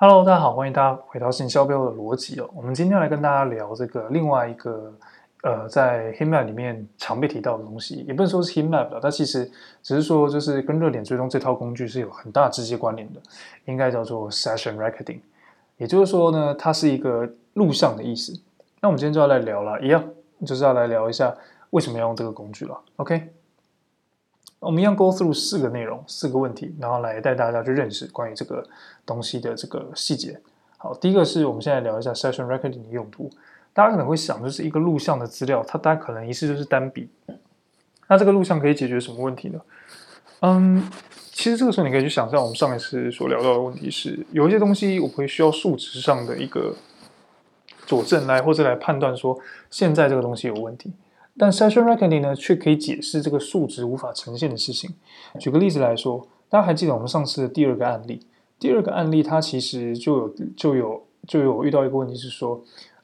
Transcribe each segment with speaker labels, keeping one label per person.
Speaker 1: Hello，大家好，歡迎大家回到行銷背後的邏輯哦。我們今天要來跟大家聊這個另外一個呃，在 heatmap 裡面常被提到的東西，也不能說是 heatmap 啦，但其實只是說就是跟熱點追蹤這套工具是有很大直接關聯的，應該叫做 session recording。也就是說呢，它是一個錄像的意思。那我們今天就要來聊了，一樣就是要來聊一下為什麼要用這個工具了。OK。我們一樣 go through 四個內容，四個問題，然後來帶大家去認識關於這個東西的這個細節。好，第一個是我們現在聊一下 session recording 的用途。大家可能會想，這、就是一個錄像的資料，它大家可能一次就是單筆。那這個錄像可以解決什麼問題呢？嗯，其實這個時候你可以去想象，我們上一次所聊到的問題是，有一些東西我們會需要數值上的一個佐證來，或者來判斷說現在這個東西有問題。但 session recording 呢，卻可以解釋這個數值無法呈現的事情。舉個例子來說，大家還記得我們上次的第二個案例？第二個案例它其實就有就有就有遇到一個問題，是說，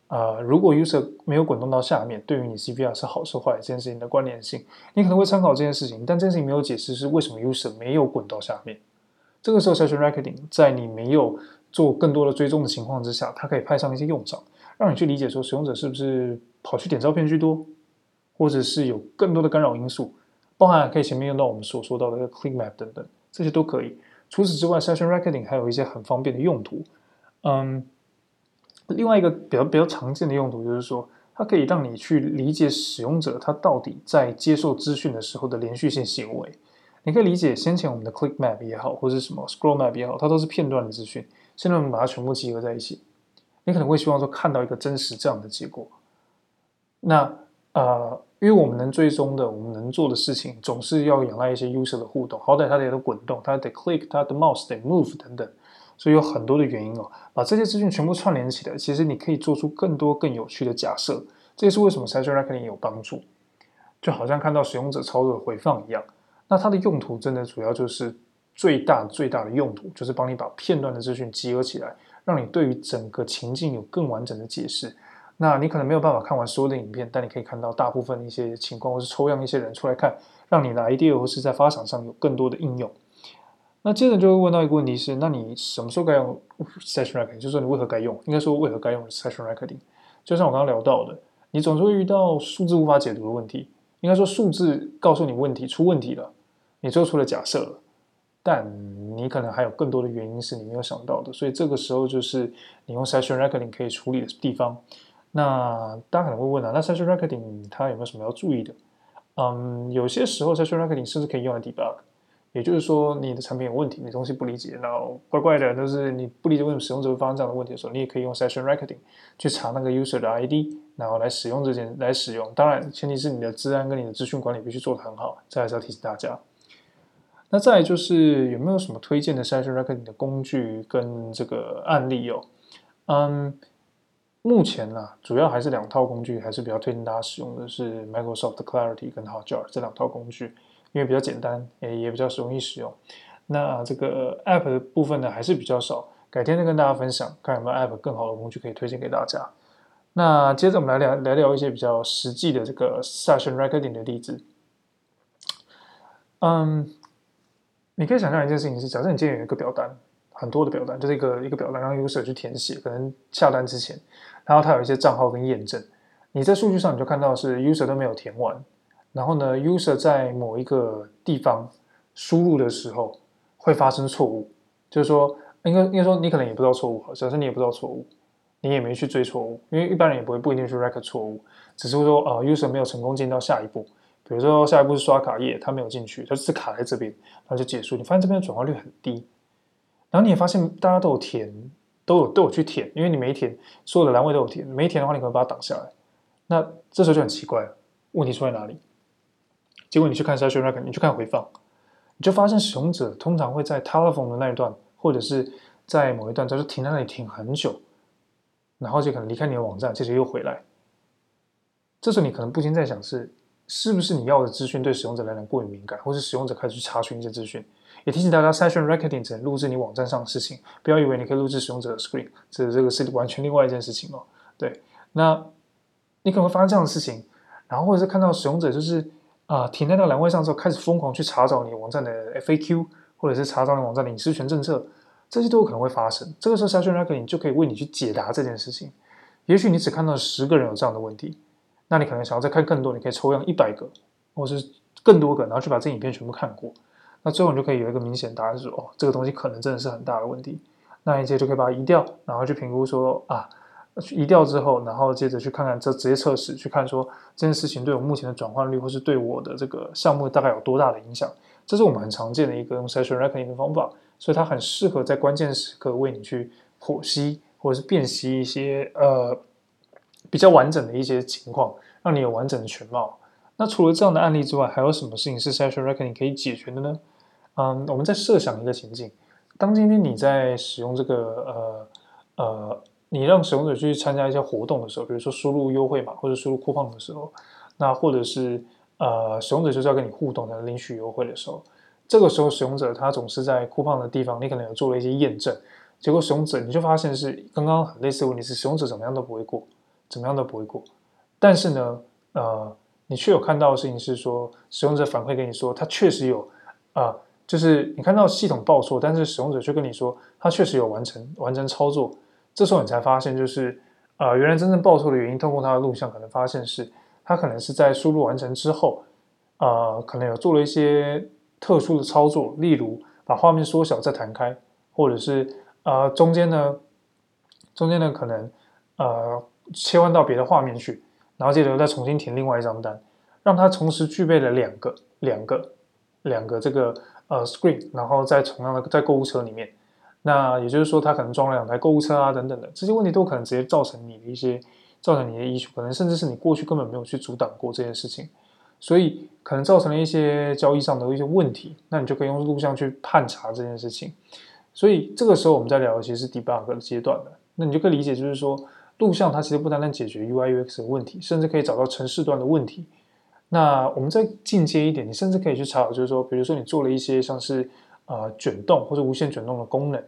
Speaker 1: 呃，如果 user 沒有滾動到下面，對於你 CVR 是好是壞這件事情的關聯性，你可能會參考這件事情，但這件事情沒有解釋是為什麼 user 沒有滾到下面。這個時候 session recording 在你沒有做更多的追蹤的情況之下，它可以派上一些用場，讓你去理解說使用者是不是跑去點照片居多。或者是有更多的干擾因素，包含可以前面用到我們所說到的一個 click map 等等，這些都可以。除此之外，session recording 還有一些很方便的用途。嗯，另外一個比較比較常見的用途就是說，它可以讓你去理解使用者他到底在接受資訊的時候的連續性行為。你可以理解先前我們的 click map 也好，或者是什麼 scroll map 也好，它都是片段的資訊。現在我們把它全部集合在一起，你可能會希望說看到一個真實這樣的結果。那呃。因為我們能最終的，我們能做的事情，總是要仰賴一些優秀的互動。好歹它得滾動，它得 click，它得 mouse 得 move 等等，所以有很多的原因哦。把這些資訊全部串聯起來，其實你可以做出更多更有趣的假設。這也是為什麼 session recording 有幫助，就好像看到使用者操作回放一樣。那它的用途真的主要就是最大最大的用途，就是幫你把片段的資訊集合起來，讓你對於整個情境有更完整的解釋。那你可能沒有辦法看完所有的影片，但你可以看到大部分的一些情況，或是抽樣一些人出來看，讓你的 idea 或是在發展上有更多的應用。那接着就會問到一個問題是：是那你什麼時候該用 session recording？就是說你為何該用？應該說為何該用 session recording？就像我剛剛聊到的，你總是會遇到數字無法解讀的問題。應該說，數字告訴你問題出問題了，你做出了假設，但你可能還有更多的原因是你沒有想到的。所以這個時候就是你用 session recording 可以處理的地方。那大家可能會問啊，那 session recording 它有沒有什麼要注意的？嗯，有些時候 session recording 甚至可以用來 debug，也就是說你的產品有問題，你東西不理解，然後怪怪的，就是你不理解為什麼使用者會發生這樣的問題的時候，你也可以用 session recording 去查那個 user 的 ID，然後來使用這件來使用。當然，前提是你的資安跟你的資訊管理必須做得很好，這還是要提醒大家。那再就是有沒有什麼推薦的 session recording 的工具跟這個案例有、哦？嗯。目前呢，主要還是兩套工具，還是比較推薦大家使用的是 Microsoft Clarity 跟 Hotjar 這兩套工具，因為比較簡單，誒，也比較容易使用。那這個 App 的部分呢，還是比較少，改天再跟大家分享，看有沒有 App 更好的工具可以推薦給大家。那接着我們來聊，聊聊一些比較實際的這個 Session Recording 的例子。嗯，你可以想象一件事情是，假設你今天有一個表單。很多的表單，就是一個一個表單讓 user 去填寫，可能下單之前，然後他有一些賬號跟驗證，你在數據上你就看到的是 user 都沒有填完，然後呢，user 在某一個地方輸入的時候會發生錯誤，就是說應該應該說你可能也不知道錯誤，或者是你也不知道錯誤，你也沒去追錯誤，因為一般人也不會不一定是 record 錯誤，只是說呃 user 沒有成功進到下一步，比如說下一步是刷卡頁，他沒有進去，他只卡在這邊，然後就結束，你發現這邊的轉化率很低。然後你也發現大家都有填，都有都有去填，因為你沒填，所有的欄位都有填，沒填的話你可能把它擋下來。那這時候就很奇怪，問題出在哪裡？結果你去看 Session Recording，你去看回放，你就發現使用者通常會在 Telephone 的那一段，或者是在某一段，他就停在那裡停很久，然後就可能離開你的網站，接着又回來。這時候你可能不禁在想是。是不是你要的資訊對使用者來講過於敏感，或是使用者開始去查詢一些資訊，也提醒大家 Session recording 只能錄製你網站上的事情，不要以為你可以錄制使用者的 screen，這這個是完全另外一件事情哦。對，那你可能會發生這樣的事情，然後或者是看到使用者就是啊、呃，停在那個欄位上之後，開始瘋狂去查找你網站的 FAQ，或者是查找你網站的隱私權政策，這些都有可能會發生。這個時候 Session recording 就可以為你去解答這件事情。也許你只看到十個人有這樣的問題。那你可能想要再看更多，你可以抽樣一百個，或是更多個，然後去把這影片全部看過。那最後你就可以有一個明顯答案是，是說哦，這個東西可能真的是很大的問題。那你接著就可以把它移掉，然後去評估說啊，移掉之後，然後接着去看看這直接測試，去看說這件事情對我目前的轉換率，或是對我的這個項目大概有多大的影響。這是我們很常見的一個用 session recording 的方法，所以它很適合在關鍵時刻為你去剖析或者是辨析一些呃。比較完整的一些情況，讓你有完整的全貌。那除了這樣的案例之外，還有什麼事情是 session recording 可以解決的呢？嗯，我們再設想一個情境：當今天你在使用這個呃呃，你讓使用者去參加一些活動的時候，比如說輸入優惠碼或者輸入 coupon 的時候，那或者是呃使用者就是要跟你互動，才能領取優惠的時候，這個時候使用者他總是在 coupon 的地方，你可能有做了一些驗證，結果使用者你就發現是剛剛很類似的問題是，是使用者怎麼樣都不會過。怎麼樣都不為過，但是呢，呃，你卻有看到的事情是說，使用者反饋跟你說，他確實有，啊、呃，就是你看到系統報錯，但是使用者卻跟你說，他確實有完成完成操作。這時候你才發現，就是，啊、呃，原來真正報錯的原因，通過他的錄像可能發現是，他可能是在輸入完成之後，呃，可能有做了一些特殊的操作，例如把畫面縮小再彈開，或者是，呃，中間呢，中間呢，可能，呃。切換到別的畫面去，然後接着再重新填另外一張單，讓它同時具備了兩個、兩個、兩個這個呃、uh, screen，然後再同樣的在購物車裡面。那也就是說，它可能裝了兩台購物車啊，等等的這些問題都可能直接造成你的一些、造成你的 issue，可能甚至是你過去根本沒有去阻擋過這件事情，所以可能造成了一些交易上的一些問題。那你就可以用錄像去探查這件事情。所以這個時候我們在聊的其實是 debug 階段的，那你就可以理解就是說。錄像它其實不單單解決 UI UX 的問題，甚至可以找到程式端的問題。那我們再進階一點，你甚至可以去查找，就是說，比如說你做了一些像是呃捲動或者無限捲動的功能，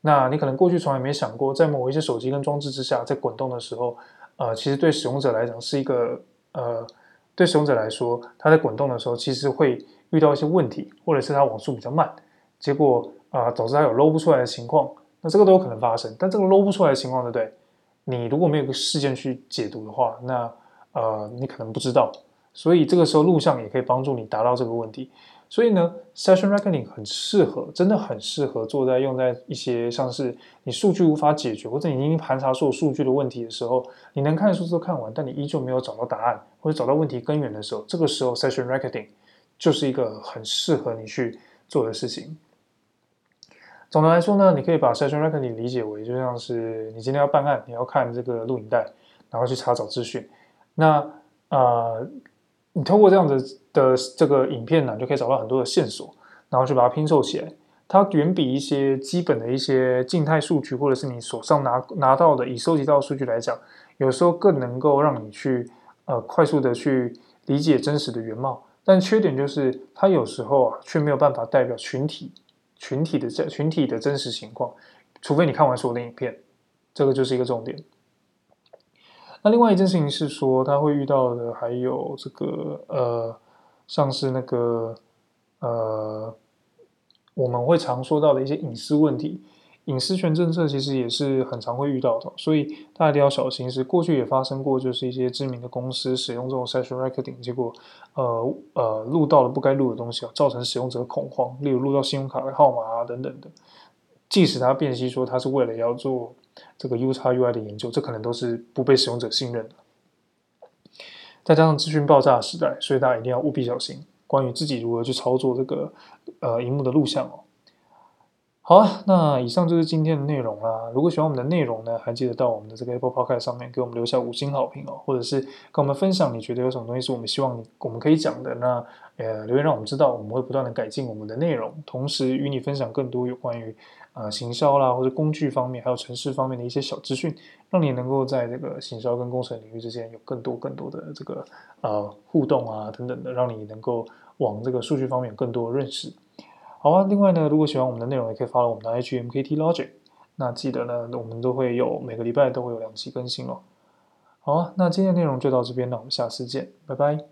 Speaker 1: 那你可能過去從來沒想過，在某一些手機跟裝置之下，在滾動的時候，呃，其實對使用者來講是一個呃，對使用者來說，他在滾動的時候其實會遇到一些問題，或者是他網速比較慢，結果啊導致他有 load 不出來的情況，那這個都有可能發生。但這個 load 不出來的情況，對不對？你如果沒有個事件去解讀的話，那呃，你可能不知道。所以這個時候錄像也可以幫助你達到這個問題。所以呢，session recording 很適合，真的很適合做在用在一些像是你數據無法解決或者你已經盤查所有數據的問題的時候，你能看的數字都看完，但你依舊沒有找到答案或者找到問題根源的時候，這個時候 session recording 就是一個很適合你去做的事情。總的來說呢，你可以把 session recording 理，理解為，就像是你今天要辦案，你要看這個錄影帶，然後去查找資訊。那啊、呃，你透過這樣的的這個影片呢，就可以找到很多的線索，然後去把它拼湊起來。它遠比一些基本的一些靜態數據，或者是你手上拿拿到的已收集到的數據來講，有時候更能夠讓你去呃快速的去理解真實的原貌。但缺點就是，它有時候啊，卻沒有辦法代表群體。群體的真群體的真實情況，除非你看完所有的影片，這個就是一個重點。那另外一件事情是說，他會遇到的還有這個呃，像是那個呃，我們會常說到的一些隱私問題。隱私權政策其實也是很常會遇到的、哦，所以大家一定要小心是。是過去也發生過，就是一些知名的公司使用這種 session recording，結果呃呃錄到了不該錄的東西啊、哦，造成使用者恐慌，例如錄到信用卡的號碼啊等等的。即使他辨析說他是為了要做這個 UX UI 的研究，這可能都是不被使用者信任的。再加上資訊爆炸的時代，所以大家一定要務必小心，關於自己如何去操作這個呃螢幕的錄像哦。好啊，那以上就是今天的內容啦。如果喜歡我們的內容呢，還記得到我們的這個 Apple Podcast 上面給我們留下五星好評哦、喔，或者是跟我們分享你覺得有什麼東西是我們希望我們可以講的，那呃留言讓我們知道，我們會不斷的改進我們的內容，同時與你分享更多有關於啊、呃、行銷啦或者工具方面，還有程式方面的一些小資訊，讓你能夠在這個行銷跟工程領域之間有更多更多的這個、呃、互動啊等等的，讓你能夠往這個數據方面更多的認識。好啊，另外呢，如果喜歡我們的內容，也可以 follow 我們的 HMKT Logic。那記得呢，我們都會有每個禮拜都會有兩期更新哦。好啊，那今天的內容就到這邊了，那我們下次見，拜拜。